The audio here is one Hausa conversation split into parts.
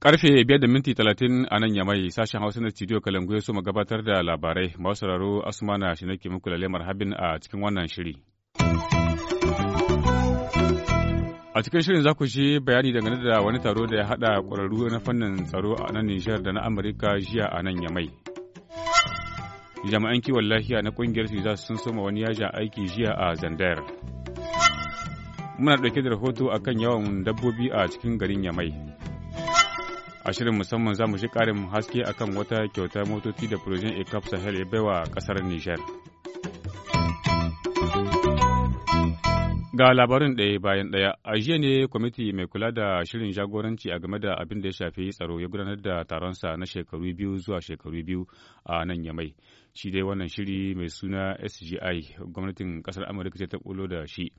Karfe biyar da minti talatin a nan yamai sashen Hausa na studio Kalangu ya so gabatar da labarai masu sauraro Asmana shi nake muku lalemar habin a cikin wannan shiri. A cikin shirin za ku ji bayani dangane da wani taro da ya haɗa ƙwararru na fannin tsaro a nan Nijar da na Amurka jiya a nan Yamai. jami'an kiwon lafiya na kungiyar siza sun soma wani yajin aiki jiya a zandayar muna ɗauke da rahoto akan yawan dabbobi a cikin garin yamai a shirin musamman za mu shi ƙarin haske akan wata kyauta motoci da projen ecap sahel ya baiwa ƙasar niger Ga labarin ɗaya bayan ɗaya, a jiya ne kwamiti mai kula da shirin jagoranci a game da abin da ya shafi tsaro ya gudanar da taronsa na shekaru biyu zuwa shekaru biyu a nan yamai. Shi dai wannan shiri mai suna SGI gwamnatin ƙasar Amurka ce ta ɓulo da shi.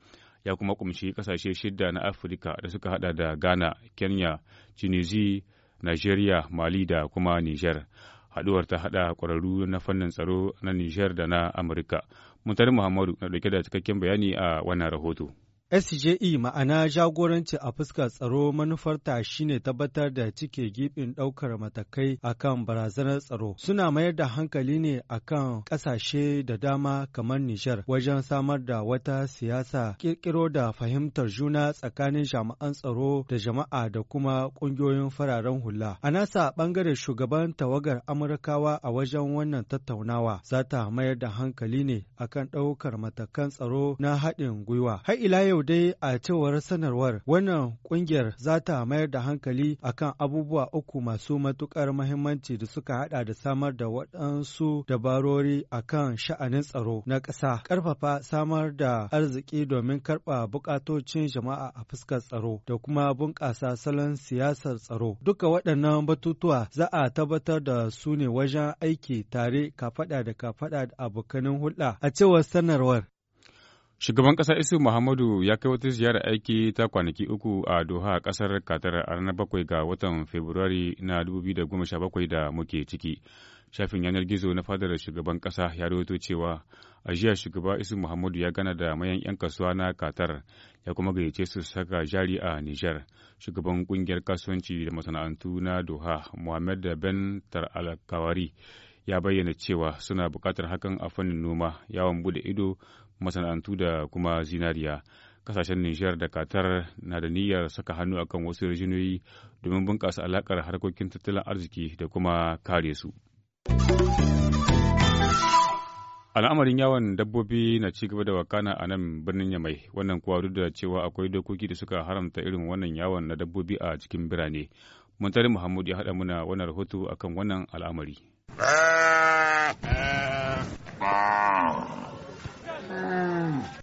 Ya kuma kumshi ƙasashe shida na Afirka da suka hada da Ghana, Kenya, Tunisia, Nigeria, Mali da kuma Niger. Haɗuwar ta haɗa kwararru na fannin tsaro na Niger da na Amurka. Muntari Muhammadu na ɗauke da cikakken bayani a wannan rahoto. SJE ma'ana jagoranci a fuskar tsaro manufarta shine tabbatar da cike gibin ɗaukar matakai akan barazanar tsaro. Suna mayar da hankali ne akan ƙasashe da dama kamar Nijar wajen samar da wata siyasa ƙirƙiro da fahimtar juna tsakanin jami'an tsaro da jama'a da kuma ƙungiyoyin fararen hula. A nasa ɓangare shugaban tawagar Amurkawa a wajen wannan tattaunawa Zata mayar da hankali ne akan ɗaukar matakan tsaro na haɗin gwiwa. Har ila yau yau dai a cewar sanarwar wannan kungiyar za ta mayar da hankali akan abubuwa uku masu matukar mahimmanci da suka hada da samar da waɗansu dabarori akan sha'anin tsaro na ƙasa, ƙarfafa samar da arziki domin karɓa bukatocin jama'a a fuskar tsaro da kuma bunƙasa salon siyasar tsaro. Duka waɗannan batutuwa za a tabbatar da su ne wajen aiki tare kafada da kafaɗa da abokanin hulɗa a cewar sanarwar. Shugaban ƙasa Isu Muhammadu ya kai wata ziyarar aiki ta kwanaki uku a Doha ƙasar katar a ranar bakwai ga watan Fabrairu na 2017 da muke ciki. Shafin yanar gizo na fadar shugaban ƙasa ya rawaito cewa a jiya shugaba Isu Muhammadu ya gana da mayan 'yan kasuwa na katar ya kuma gayyace su saka jari a Nijar. Shugaban ƙungiyar kasuwanci da masana'antu na Doha Muhammad Ben Tar al ya bayyana cewa suna buƙatar hakan a fannin noma yawon bude ido masana'antu da kuma zinariya kasashen nijar da katar na da niyyar saka hannu akan wasu rijinoyi domin bunƙasa alaƙar harkokin tattalin arziki da kuma kare su al'amarin yawon dabbobi na ci gaba da wakana a nan birnin yamai wannan kuwa duk da cewa akwai dokoki da suka haramta irin wannan yawon na dabbobi a cikin birane muntari muhammadu ya haɗa muna wannan rahoto akan wannan al'amari Ah.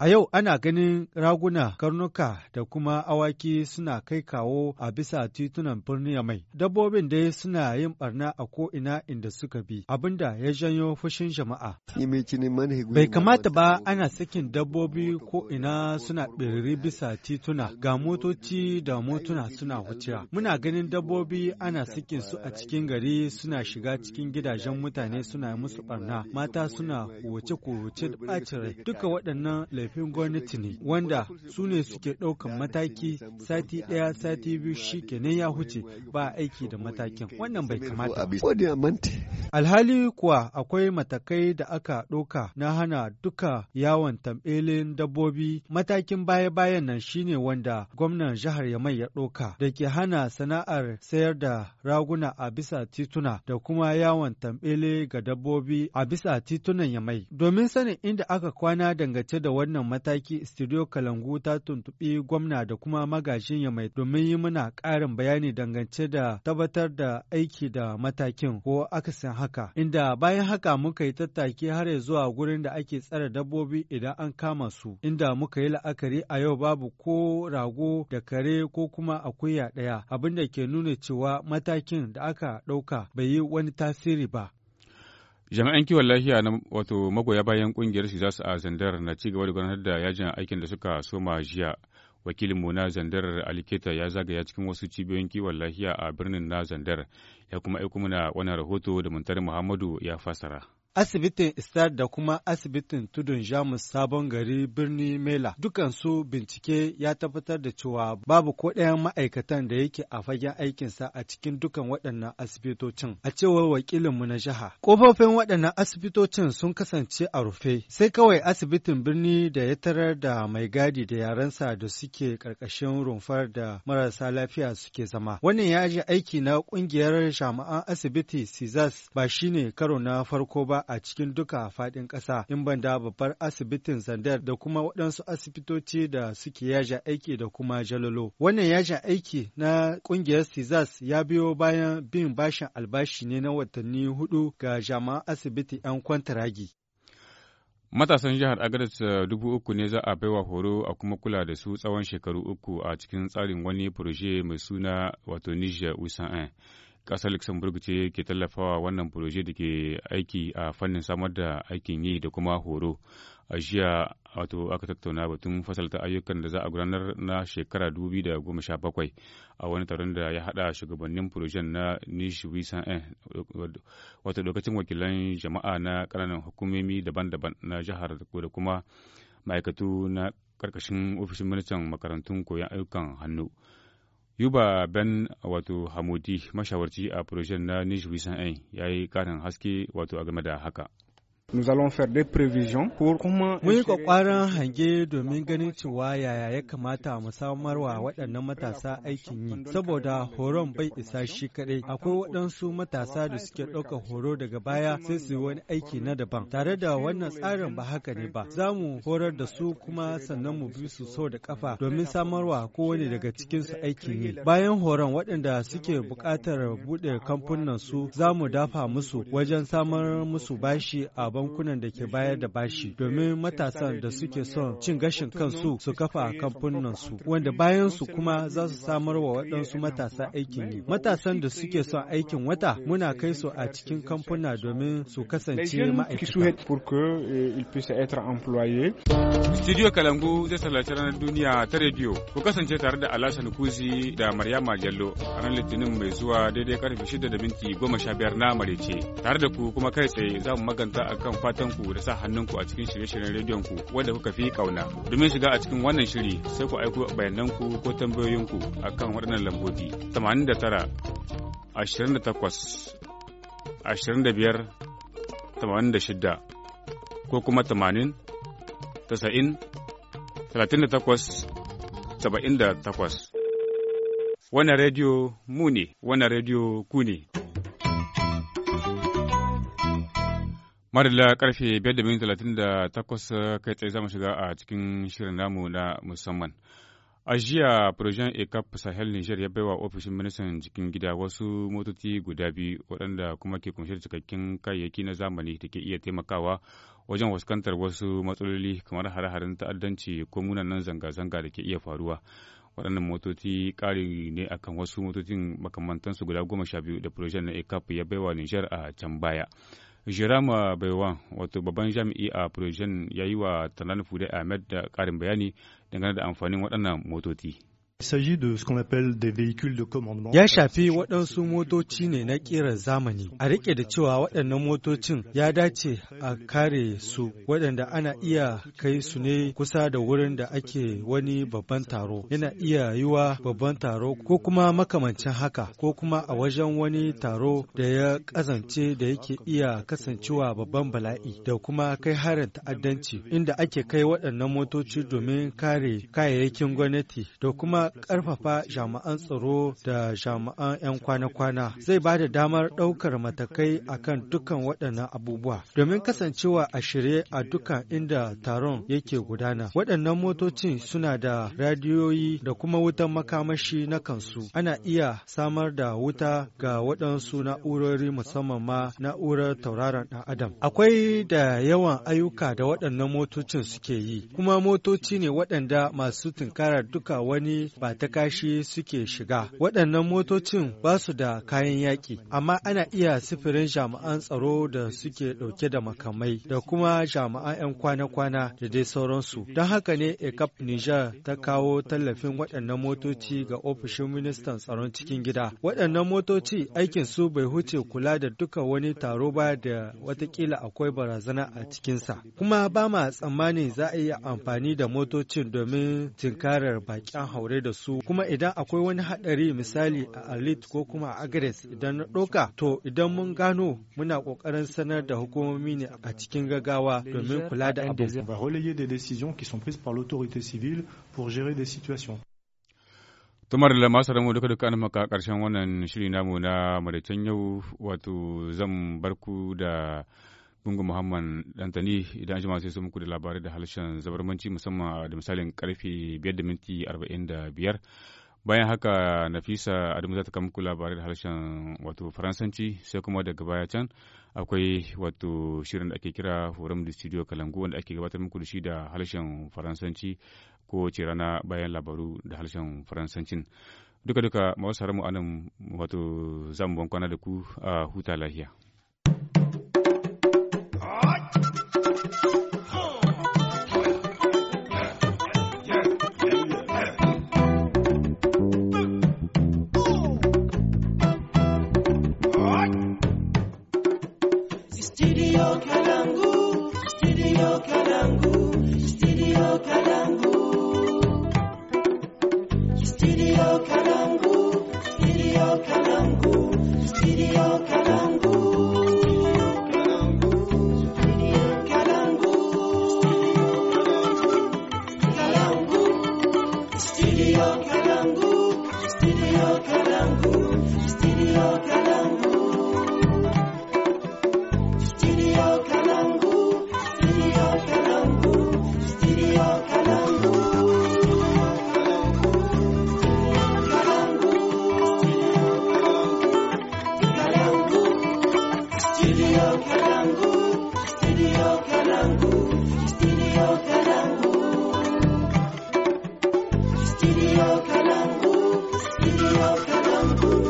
A yau ana ganin raguna, karnuka da kuma awaki suna kai kawo a bisa titunan birnin mai. Dabbobin dai suna yin barna a ko'ina inda suka bi, abinda ya janyo fushin jama'a. Bai kamata ba ana sakin dabbobi ko ina suna ɓiriri bisa tituna ga motoci da motuna suna wucewa. Muna ganin dabbobi ana sakin su a cikin gari suna shiga cikin gidajen mutane suna musu barna, mata suna wuce kowace da ɓacin rai. Duka waɗannan laifin ƙarfin gwamnati ne wanda su ne suke ɗaukan mataki sati ɗaya sati biyu shi kenan ya huce ba aiki da matakin wannan bai kamata alhali kuwa akwai matakai da aka ɗauka na hana duka yawon tambelin dabbobi matakin baya-bayan nan shine wanda gwamnan jihar yamai ya ɗauka da ke hana sana'ar sayar da raguna a bisa tituna da kuma yawon tamɓele ga dabbobi a bisa titunan yamai domin sanin inda aka kwana dangance da wannan mataki Studio Kalangu ta tuntubi gwamna da kuma magajin ya mai domin yi muna ƙarin bayani dangance da tabbatar da aiki da matakin ko akasin haka. Inda bayan haka muka yi tattaki har zuwa gurin da ake tsare dabbobi idan an kama su. Inda muka yi la'akari a yau babu ko rago da kare ko kuma akuya ɗaya abin da ke nuna cewa matakin da aka ɗauka bai yi wani tasiri ba. jami'an kiwon lafiya na wato magoya bayan kungiyar su zasu a zandar na ci gaba da gudanar da yajin aikin da suka soma jiya wakilin mu na zandar aliketa ya zagaya cikin wasu cibiyoyin kiwon lafiya a birnin na zandar ya kuma aiko mana wannan rahoto da muntari muhammadu ya fasara. asibitin Istar da kuma asibitin Tudun Jamus Sabon Gari Birni Mela. Dukansu bincike ya tabbatar da cewa babu ko ɗayan ma'aikatan da yake a fagen aikinsa a cikin dukan waɗannan asibitocin. A cewar wakilinmu na jiha. Ƙofofin waɗannan asibitocin sun kasance a rufe. Sai kawai asibitin birni da ya tarar da mai gadi da yarensa da suke ƙarƙashin rumfar da marasa lafiya suke zama. Wannan ya ji aiki na ƙungiyar jami'an asibiti Sizas ba shine karo na farko ba a cikin duka faɗin ƙasa in banda babbar asibitin Zandar da kuma waɗansu asibitoci da suke yaja aiki da kuma jalolo. Wannan yaja aiki na ƙungiyar Cizas ya biyo bayan bin bashin albashi ne na watanni hudu ga jama'an asibiti 'yan kwantaragi. Matasan jihar Agadas eh, dubu uku ne za a baiwa horo a kuma kula da su tsawon shekaru uku a cikin tsarin wani proje mai suna wato Niger kasar Luxembourg ce ke tallafawa wannan furoje da ke aiki a fannin samar da aikin yi da kuma horo. A jiya wato aka tattauna batun fasalta ayyukan da za a gudanar na shekara 2017 a wani taron da ya haɗa shugabannin furojen na Nish Wisan wato lokacin wakilan jama'a na kananan hukumomi daban-daban na jihar da kuma ma'aikatu na karkashin ofishin ministan makarantun koyon ayyukan hannu. Yuba Ben wato Hamudi mashawarci a Projen na Nish Wisan ya yi karin haske wato a game da haka. Mun yi kwakwaran hange domin ganin cewa yaya ya kamata mu samar wa waɗannan matasa aikin yi, saboda horon bai isa shi kaɗai. Akwai waɗansu matasa da suke ɗaukar horo daga baya sai su yi wani aiki na daban. Tare da wannan tsarin ba haka ne ba, za mu horar da su kuma sannan mu bi su sau da ƙafa domin samarwa wa kowane daga cikinsu aikin yi. Bayan horon waɗanda suke buƙatar buɗe kamfunan su za mu dafa musu wajen samar musu bashi a bankunan da ke bayar da bashi domin matasan da suke son cin gashin kansu su kafa kamfunan su wanda bayan su kuma za su samar wa waɗansu matasa aikin yi matasan da suke son aikin wata muna kai su a cikin kamfuna domin su kasance ma'aikata euh, studio kalangu zai sallaci ranar duniya ta rediyo ku kasance tare da alasan kuzi da maryama jallo a ranar litinin mai zuwa daidai karfe 6 da minti 15 na marece tare da ku kuma kai tsaye za mu maganta akan kan fatanku da sa hannunku a cikin shirye-shiryen rediyon ku wanda kuka fi kauna. Domin shiga a cikin wannan shiri sai ku aiko bayananku ko tambayoyinku akan waɗannan lambobi. 89 28 25 86 ko kuma 80 90 38 78 wannan rediyo mu ne wannan rediyo ku ne. Madalla karfe da 5:38 eh, kai tsaye zamu shiga a cikin shirin namu na musamman. A jiya Projen ECAP Sahel Niger ya baiwa ofishin ministan cikin gida wasu motoci guda biyu waɗanda kuma ke kunshe da cikakken kayayyaki na zamani da ke iya taimakawa wajen fuskantar wasu matsaloli kamar hare-haren ta'addanci ko munanan zanga-zanga da ke iya faruwa. waɗannan motoci ƙari ne akan wasu motocin makamantansu guda goma sha biyu da projen na ecap ya baiwa niger a can baya Jirama Baiwan wato babban jami'i a Projen ya yi wa Talan Fude Ahmed da ƙarin bayani dangane da amfanin waɗannan motoci. Ya shafi waɗansu motoci ne na ƙirar zamani. A riƙe da cewa waɗannan motocin ya dace a kare su waɗanda ana iya kai su ne kusa da wurin da ake wani babban taro. Yana iya yiwa babban taro ko kuma makamancin haka ko kuma a wajen wani taro da ya kasance da yake iya kasancewa babban bala'i da kuma kai harin ta'addanci inda ake kai waɗannan motoci domin kare kayayyakin gwamnati da kuma karfafa jami'an tsaro da jami'an 'yan kwana-kwana zai ba da damar ɗaukar matakai akan dukkan waɗannan abubuwa domin kasancewa a shirye a dukkan inda taron yake gudana. Waɗannan motocin suna da radiyoyi da kuma wutan makamashi na kansu. Ana iya samar da wuta ga waɗansu na'urori musamman ma na'urar tauraron ɗan adam. Akwai da yawan ayyuka da waɗannan motocin suke yi, kuma motoci ne waɗanda masu tunkarar duka wani ba ta kashi suke shiga. Waɗannan motocin ba su da kayan yaƙi, amma ana iya sifirin jama'an tsaro da suke ɗauke da makamai da kuma jama'an 'yan kwana-kwana da dai sauransu. Don haka ne ECAP Niger ta kawo tallafin waɗannan motoci ga ofishin ministan tsaron cikin gida. Waɗannan motoci aikin su bai huce kula da duka wani taro ba da watakila akwai barazana a cikinsa. Kuma ba ma tsammani za a iya amfani da motocin domin tinkarar baƙin haure da da su kuma idan akwai wani haɗari misali a Alit ko kuma a Agres idan na ɗauka to idan mun gano muna ƙoƙarin sanar da hukumomi ne a cikin gagawa domin kula da abu. tumar da masu ramu duka duka an maka karshen wannan shiri namu na maraicen yau wato zan barku da Gungun Muhammad Dantani idan an sai su muku da labarai da halshen zabarmanci musamman da misalin karfe 5 da minti Bayan haka Nafisa Adamu za ta kama muku labarai da halshen wato Faransanci sai kuma daga baya can akwai wato shirin da ake kira Forum da Studio Kalangu wanda ake gabatar muku da shi da harshen Faransanci ko ce rana bayan labaru da harshen Faransancin. Duka-duka mawasarar mu anan wato zamu bankwana da ku a huta lahiya. Studio Kalangu, Studio Kalangu, Studio Kalangu. Studio Kalangu, Studio Kalangu, Studio Kalangu. Studio Kalangu, Studio Kalangu, Studio Kalangu. you.